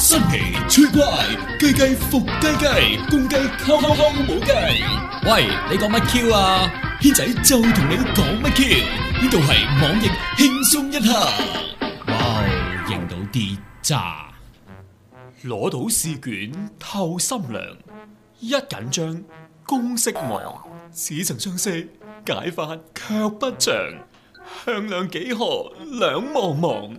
新奇趣怪，雞雞伏雞雞，公雞敲敲敲，冇雞，喂，你講乜 Q 啊？軒仔就同你講乜 Q？呢度係網易輕鬆一刻。哇哦，認到啲渣，攞到試卷透心涼，一緊張公式忘，似曾相識，解法卻不詳，向量幾何兩茫茫。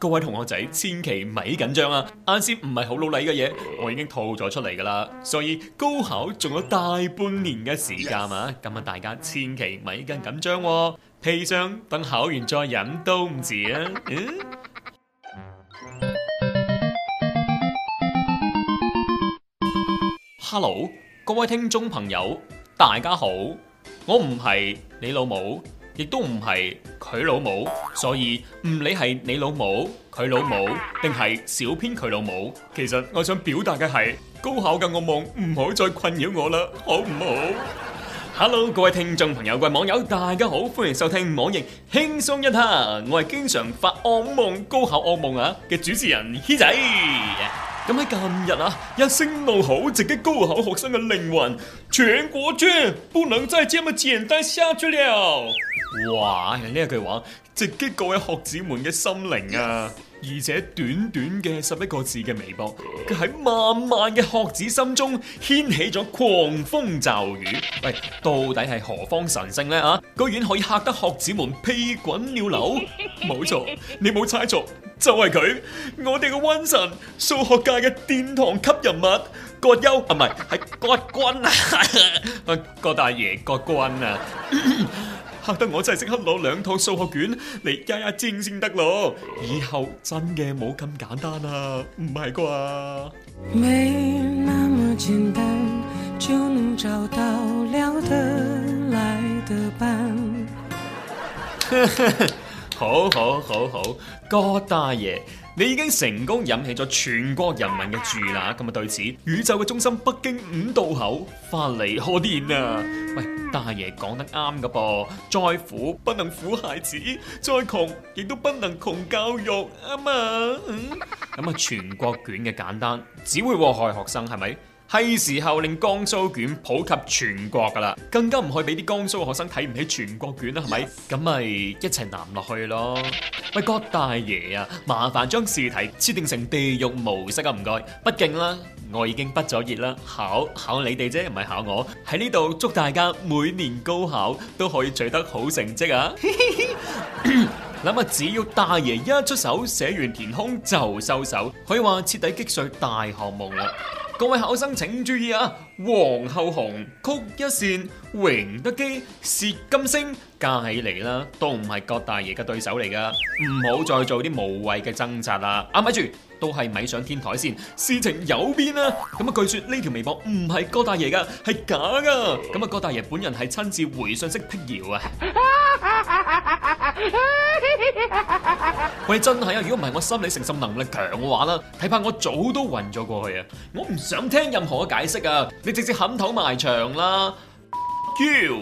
各位同學仔，千祈咪緊張啊！啱先唔係好努力嘅嘢，我已經吐咗出嚟噶啦。所以高考仲有大半年嘅時間啊 Yes.，今日大家千祈咪咁緊張，砒霜等考完再飲都唔遲啊！嗯，Hello，各位聽眾朋友，大家好，我唔係你老母。亦都唔係佢老母，所以唔理係你老母、佢老母，定係小編佢老母。其實我想表達嘅係高考嘅惡夢唔好再困擾我啦，好唔好？Hello，各位聽眾朋友、各位網友，大家好，歡迎收聽《網易輕鬆一刻》，我係經常發惡夢、高考惡夢啊嘅主持人軒仔。咁喺近日啊，一聲怒吼直擊高考學生嘅靈魂，全國卷不能再這麼簡單下去了！哇，呢一句話直擊各位學子們嘅心靈啊，而且短短嘅十一個字嘅微博，佢喺萬萬嘅學子心中掀起咗狂風驟雨。喂，到底係何方神聖呢？啊，居然可以吓得學子們屁滾尿流！冇錯， 你冇猜錯。就係佢，我哋嘅瘟神，數學界嘅殿堂級人物葛優，啊唔係，係葛軍啊，葛大爺葛軍啊，嚇得我真係即刻攞兩套數學卷嚟一一煎先得咯，以後真嘅冇咁簡單啊，唔係啩？沒那麼簡單，就能找到聊得來的伴。好好好好，哥大爺，你已經成功引起咗全國人民嘅注意啦！咁啊，對此宇宙嘅中心北京五道口發嚟賀電啊！喂，大爺講得啱㗎噃，再苦不能苦孩子，再窮亦都不能窮教育啊嘛！咁啊，嗯、全國卷嘅簡單，只會禍害學生，係咪？係時候令江蘇卷普及全國噶啦，更加唔可以俾啲江蘇學生睇唔起全國卷啦，係咪？咁咪 Yes. 一齊攬落去咯。喂，郭大爺啊，麻煩將試題設定成地獄模式啊，唔該。畢竟啦，我已經畢咗業啦，考考你哋啫，唔係考我。喺呢度祝大家每年高考都可以取得好成績啊！諗下， 只要大爺一出手，寫完填空就收手，可以話徹底擊碎大項目啦、啊。各位考生請注意啊！王后雄、曲一線、榮德基、薛金星加起嚟啦，都唔係郭大爺嘅對手嚟噶，唔好再做啲無謂嘅掙扎啦！啊，咪住，都係咪上天台先，事情有變啦！咁啊，據說呢條微博唔係郭大爺噶，係假噶，咁啊，郭大爺本人係親自回信息辟謠啊。 喂，真係啊！如果唔係我心理承受能力強嘅話啦，睇怕我早都暈咗過去啊！我唔想聽任何嘅解釋啊！你直接冚頭埋牆啦！Q，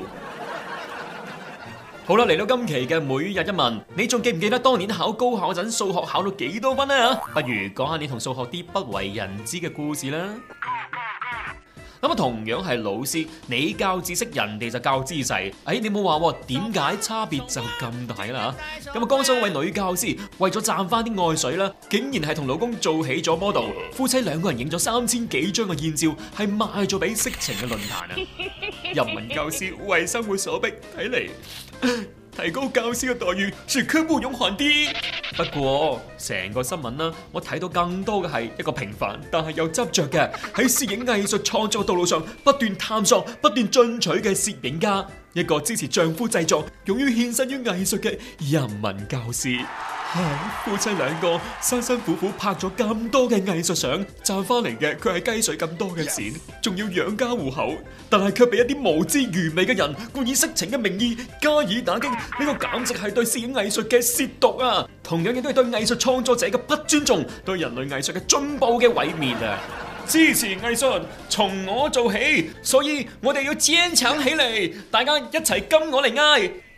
好啦，嚟你到今期嘅每日一問，你仲記唔記得當年考高考嗰陣數學考到幾多分呢？啊？不如講下你同數學啲不為人知嘅故事啦。咁啊，同樣係老師，你教知識，人哋就教姿勢。哎，你冇話喎，點解差別就咁大啦？咁啊，江州位女教師為咗賺翻啲愛水啦，竟然係同老公做起咗 model，夫妻兩個人影咗三千幾張嘅艷照，係賣咗俾色情嘅論壇啊！人民教師為生活所迫，睇嚟。 提高教師嘅待遇，絕佢無勇漢啲。不過，成個新聞啦，我睇到更多嘅係一個平凡但係又執着嘅，喺攝影藝術創作道路上不斷探索、不斷進取嘅攝影家，一個支持丈夫製作、勇於獻身於藝術嘅人民教師。夫妻兩個辛辛苦苦拍咗咁多嘅藝術相，賺翻嚟嘅佢係雞碎咁多嘅錢，仲 Yes! 要養家糊口，但係卻俾一啲無知愚昧嘅人，故以色情嘅名義加以打擊，呢、這個簡直係對攝影藝術嘅褻瀆啊！同樣亦都係對藝術創作者嘅不尊重，對人類藝術嘅進步嘅毀滅啊！支持藝術，從我做起，所以我哋要堅強起嚟，大家一齊跟我嚟嗌。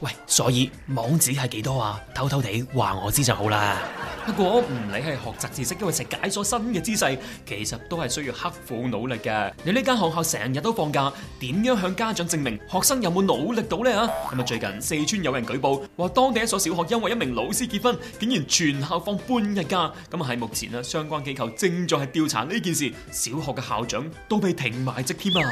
喂，所以網址係幾多啊？偷偷地話我知就好啦。 不過唔理係學習知識，抑或係解鎖新嘅姿勢，其實都係需要刻苦努力嘅。你呢間學校成日都放假，點樣向家長證明學生有冇努力到呢？啊？咁啊，最近四川有人舉報，話當地一所小學因為一名老師結婚，竟然全校放半日假。咁啊，係目前啊，相關機構正在係調查呢件事，小學嘅校長都被停埋職添啊。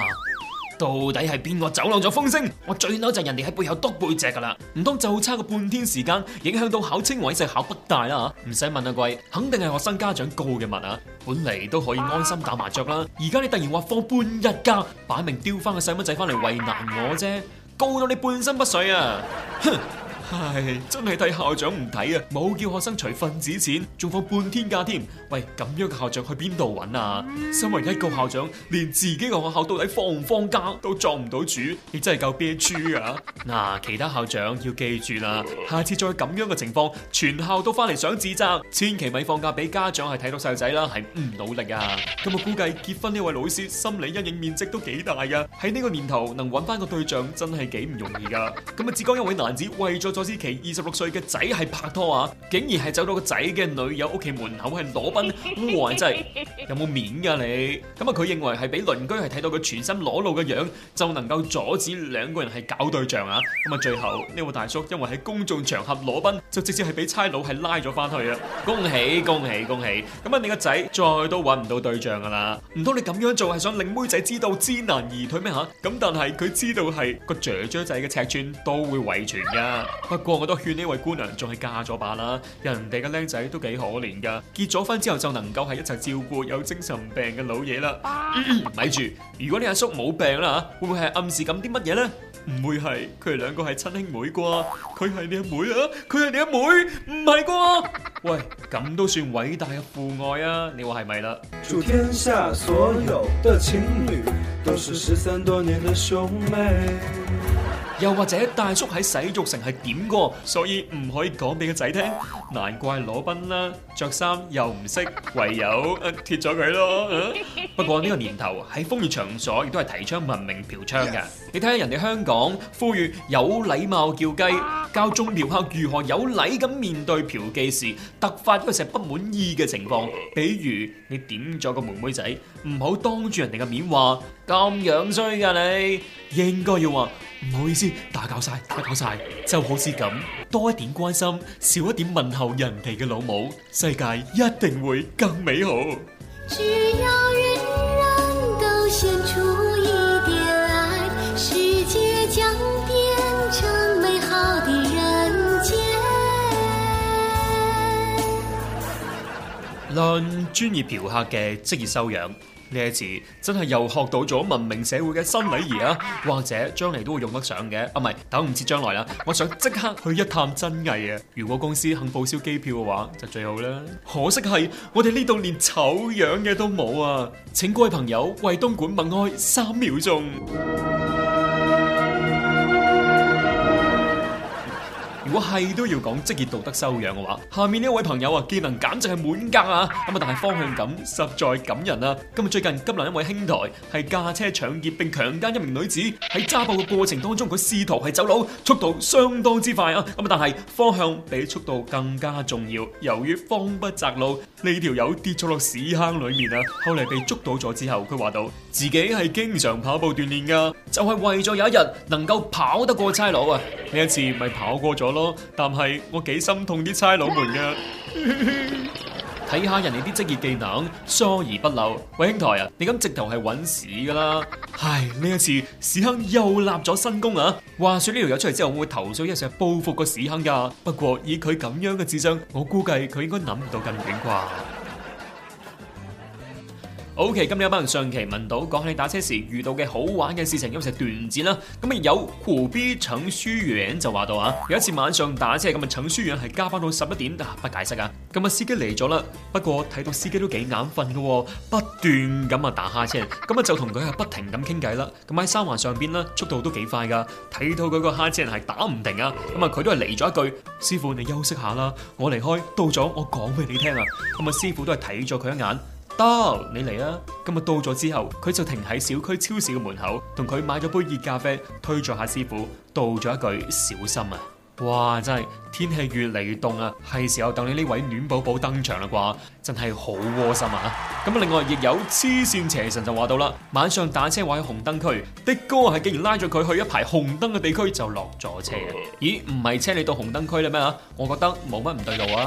到底係邊個走漏咗風聲？我最嬲就係人哋喺背後督背脊噶啦！唔通就差個半天時間，影響到考清華就考北大啦？唔使問阿貴，肯定係學生家長告嘅密啊！本嚟都可以安心打麻雀啦，而家你突然話放半日假，擺明丟翻個細蚊仔翻嚟為難我啫！告到你半身不遂啊！哼！唉，真係睇校長唔睇啊！冇叫學生除份子錢，仲放半天假添。喂，咁樣嘅校長去邊度揾啊？身為一個校長，連自己嘅學校到底放唔放假都做唔到主，你真係夠憋豬啊！嗱，其他校長要記住啦，下次再咁樣嘅情況，全校都翻嚟想自責，千祈咪放假俾家長係睇到細路仔啦，係唔努力啊！咁啊，估計結婚呢位老師心理陰影面積都幾大噶。喺呢個年頭，能揾翻個對象真係幾唔容易噶。咁啊，浙江一位男子為咗。柯思琪二十六歲嘅仔係拍拖啊，竟然係走到個仔嘅女友屋企門口係裸奔，哇！真係有冇面噶、啊、你？咁啊，佢認為係俾鄰居係睇到佢全身裸露嘅樣子，就能夠阻止兩個人係搞對象啊！咁啊，最後呢位、這個、大叔因為喺公眾場合裸奔，就直接係俾差佬係拉咗翻去啊！恭喜恭喜恭喜！咁啊，你個仔再都揾唔到對象噶啦！唔通你咁樣做係想令妹仔知道知難而退咩吓？咁但係佢知道係個雀雀仔嘅尺寸都會遺傳噶。不過我都勸呢位姑娘，仲係嫁咗吧啦。人哋嘅僆仔都幾可憐噶，結咗婚之後就能夠係一齊照顧有精神病嘅老嘢啦爸。咪住、嗯，如果你阿叔冇病啦，會唔會係暗示咁啲乜嘢呢？唔會係佢哋兩個係親兄妹啩？佢係你阿妹啊？佢係你阿妹？唔係啩？喂，咁都算偉大嘅父愛啊？你話係咪啦？祝天下所有嘅情侶，都是失散多年的兄妹。又或者大叔喺洗浴城係點過，所以唔可以講俾個仔聽。難怪裸奔啦，着衫又唔識，唯有脫咗佢咯。不過呢個年頭喺風月場所亦都係提倡文明嫖娼嘅。你睇下人哋香港呼籲有禮貌叫雞，教眾嫖客如何有禮咁面對嫖妓時，突發呢個成日不滿意嘅情況。比如你點咗個妹妹仔，唔好當住人哋嘅面話咁樣衰噶，你應該要話。唔好意思，打攪晒，打攪晒，就好似咁，多一點關心，少一點問候人哋嘅老母，世界一定會更美好。只要人人都獻出一點愛，世界將變成美好的人間。論專業嫖客嘅職業修養。呢一次真係又學到咗文明社會嘅新禮儀啊，或者將嚟都會用得上嘅，啊唔係，等唔切將來啦，我想即刻去一探真偽啊！如果公司肯報銷機票嘅話，就最好啦。可惜係我哋呢度連醜樣嘅都冇啊！請各位朋友為東莞默哀三秒鐘。如果係都要講職業道德修養嘅話，下面呢一位朋友啊，技能簡直係滿格啊！咁啊，但係方向感實在感人啊！今日最近，吉林一位兄台係駕車搶劫並強姦一名女子，喺揸捕嘅過程當中，佢試圖係走佬，速度相當之快啊！咁啊，但係方向比速度更加重要。由於慌不擇路，呢條友跌咗落屎坑裏面啊！後嚟被捉到咗之後，佢話到。自己係經常跑步鍛煉噶就係為咗有一日能夠跑得過差佬啊！呢一次咪跑過咗咯，但係我幾心痛啲差佬們噶。睇 下人哋啲職業技能，疏而不漏。喂，兄台啊，你咁直頭係搵屎噶啦！唉，呢一次屎坑又立咗新功啊。話說呢條友出嚟之後，我會投訴一石報復個屎坑噶。不過以佢咁樣嘅智商，我估計佢應該諗唔到咁遠啩。Ok，今日有班人上期問到講起打車時遇到嘅好玩嘅事情，咁就係段子啦。咁啊有酷 B 程書遠就話到啊，有一次晚上打車，咁啊程書遠係加班到十一點，不解釋啊。咁啊司機嚟咗啦，不過睇到司機都幾眼瞓嘅喎，不斷咁啊打哈車，咁啊就同佢係不停咁傾偈啦。咁喺三環上邊啦，速度都幾快噶，睇到佢個哈車人係打唔停啊，咁啊佢都係嚟咗一句：師傅，你休息下啦，我離開到咗我講俾你聽啊。咁啊師傅都係睇咗佢一眼。得，你嚟啦。咁啊到咗之後，佢就停喺小區超市嘅門口，同佢買咗杯熱咖啡，推咗下師傅，道咗一句小心啊！哇，真係天氣越嚟越凍啊，係時候等你呢位暖寶寶登場啦啩！真係好窩心啊！咁另外亦有黐線邪神就話到啦，晚上打車位喺紅燈區，的哥係竟然拉咗佢去一排紅燈嘅地區就落咗車。咦，唔係車你到紅燈區啦咩啊？我覺得冇乜唔對路啊！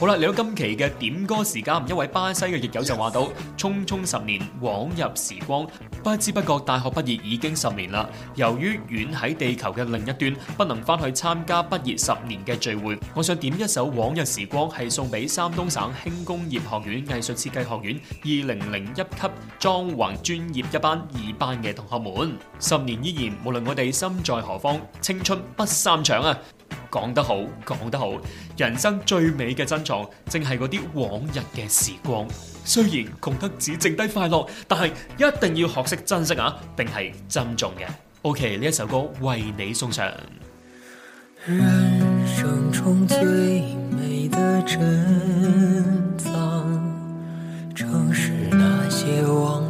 好啦，嚟到今期嘅點歌時間，一位巴西嘅益友就話到：匆匆十年，往日時光，不知不覺大學畢業已經十年啦。由於遠喺地球嘅另一端，不能翻去參加畢業十年嘅聚會，我想點一首《往日時光》，係送俾山東省輕工業學院藝術設計學院二零零一級裝潢專業一班二班嘅同學們。十年依然，無論我哋心在何方，青春不散場啊！講得好，講得好！人生最美嘅珍藏，正係嗰啲往日嘅時光。雖然窮得只剩低快樂，但係一定要學識珍惜啊，定係珍重嘅。OK，呢一首歌為你送上。人生中最美的珍藏，正是那些往。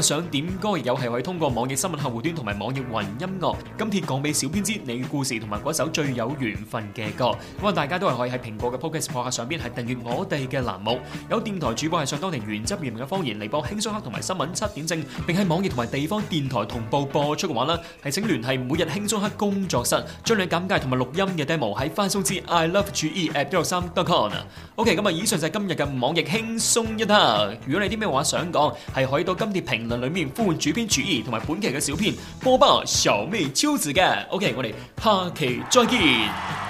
想點歌，亦有係可以通過網易新聞客戶端同埋網易雲音樂。今貼講俾小編知你故事同埋嗰首最有緣分嘅歌。咁啊，大家都係可以喺蘋果嘅 Podcast 上邊係訂閱我哋嘅欄目。有電台主播係上當地原汁原味嘅方言嚟播輕鬆黑同埋新聞七點正，並喺網易同埋地方電台同步播出嘅話咧，係請聯繫每日輕鬆黑工作室，將你簡介同埋錄音嘅 demo 喺翻收至 I Love Chuye at 163.com 啊。OK，咁啊，以上就係今日嘅網易輕鬆一啦。如果你啲咩話想講，係可以到今貼評。喺裏面呼喚主編主義同埋本期嘅小編播吧，小妹超值嘅，OK，我哋下期再見。